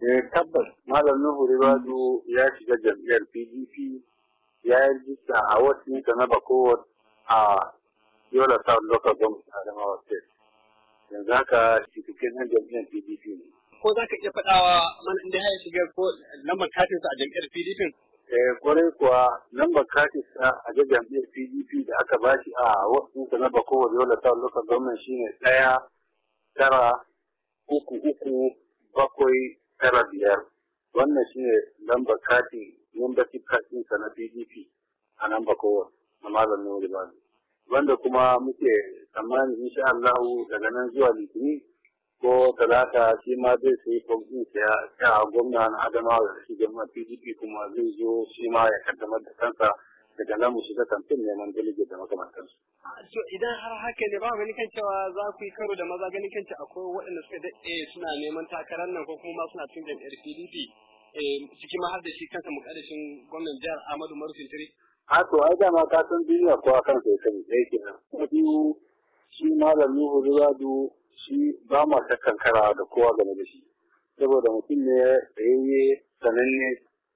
Eh tabbas Malam Nuhu Ribadu ya shiga jam'iyyar PDP ya yi rijista a wasu mita na Bakowar a Yola South Local Government Adamawa State. Yanzu haka cikin nan jam'iyyar PDP ne. Ko za ka iya faɗawa mana inda ya shiga ko lambar katinsa a jam'iyyar PDP? Eh kwarai kuwa lambar katinsa a jam'iyyar PDP da aka bashi a wasu mita na Bakowar Yola South Local Government shine ɗaya tara uku uku bakwai tara biyar wannan shi ne lamba kati membership card ɗinsa na PDP a nan Bakowa na Malam Nuhu ne Wanda kuma muke tsammani insha Allah daga nan zuwa Litinin ko Talata shi ma zai sayi fom ɗinsa ya gwamna na Adamawa da shi jama'a PDP kuma zai zo shi ma ya kaddamar da kansa daga nan mu shiga kamfen neman dalilin da su. so idan har haka ne ba gani kan cewa za ku yi karo da maza ganin kan akwai waɗanda suka daɗe suna neman takarar nan ko kuma ma suna cin jam'iyyar PDP eh, ciki ma har da shi kansa mukaddashin gwamnan jihar Ahmadu marufin Fintiri. A to ai ma ka san duniya ko akan sai kan sai kenan. Na biyu shi malam Nuhu Rubadu shi ba ma ta kankara da kowa game da shi. Saboda mutum ne tsayayye sananne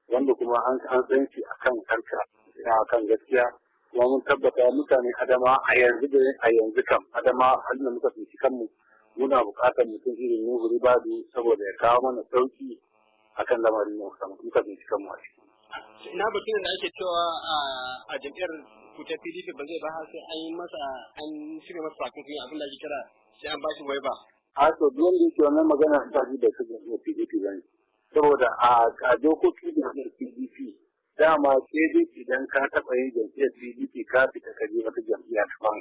wanda kuma an san shi akan karkara. na kan gaskiya kuma mun tabbata mutane adama a yanzu da a yanzu kam adama halin da muka fi kanmu muna buƙatar mutum irin nuhu ribadu saboda ya kawo mana sauki akan lamarin nan muka fi kanmu a ciki. Ina batun da ake cewa a jam'iyyar kuta PDP ba zai ba har sai an yi masa an shirya masa takunkumi abin da ake kira sai an bashi wai ba. A to duk wanda yake wannan magana ta ji da su ga PDP ba ne. Saboda a dokoki da dama sai dai idan ka taɓa yin jam'iyyar pdp ka fita ka je wata jam'iyya ban.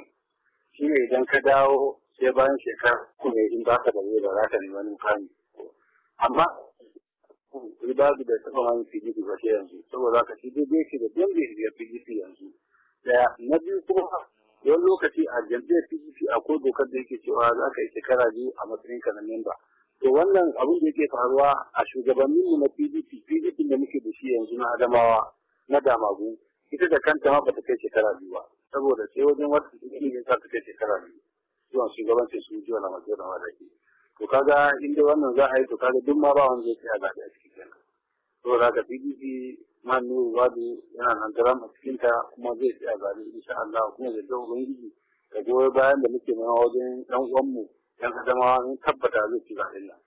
shi ne idan ka dawo sai bayan shekara ku ne in ba ka da ba za ka nemi mukami amma babu da taɓa hannun pdp ba sai yanzu saboda ka ci dai shi da jam'iyyar da pdp yanzu daya na biyu kuma wani lokaci a jam'iyyar pdp akwai dokar da yake cewa za ka yi shekara biyu a matsayin ka na memba to wannan abin da yake faruwa a mu na pdp pdp da muke da shi yanzu na adamawa na damagu ita da kanta ma bata kai shekara biyu ba saboda sai wajen wata ilimin ta kai shekara biyu zuwa shugabancin sun ji wani mace da wadaki to kaga inda wannan za a yi to kaga duk ma ba wanda yake a zaɓe a cikin kenan da ka pdp ma nuru wadu yana nan daram a cikin ta kuma zai ci a zaɓe insha Allah kuma zai ta ubangiji da goyi bayan da muke mana wajen dan uwan mu. yan zama an tabbata zai ci ba nan.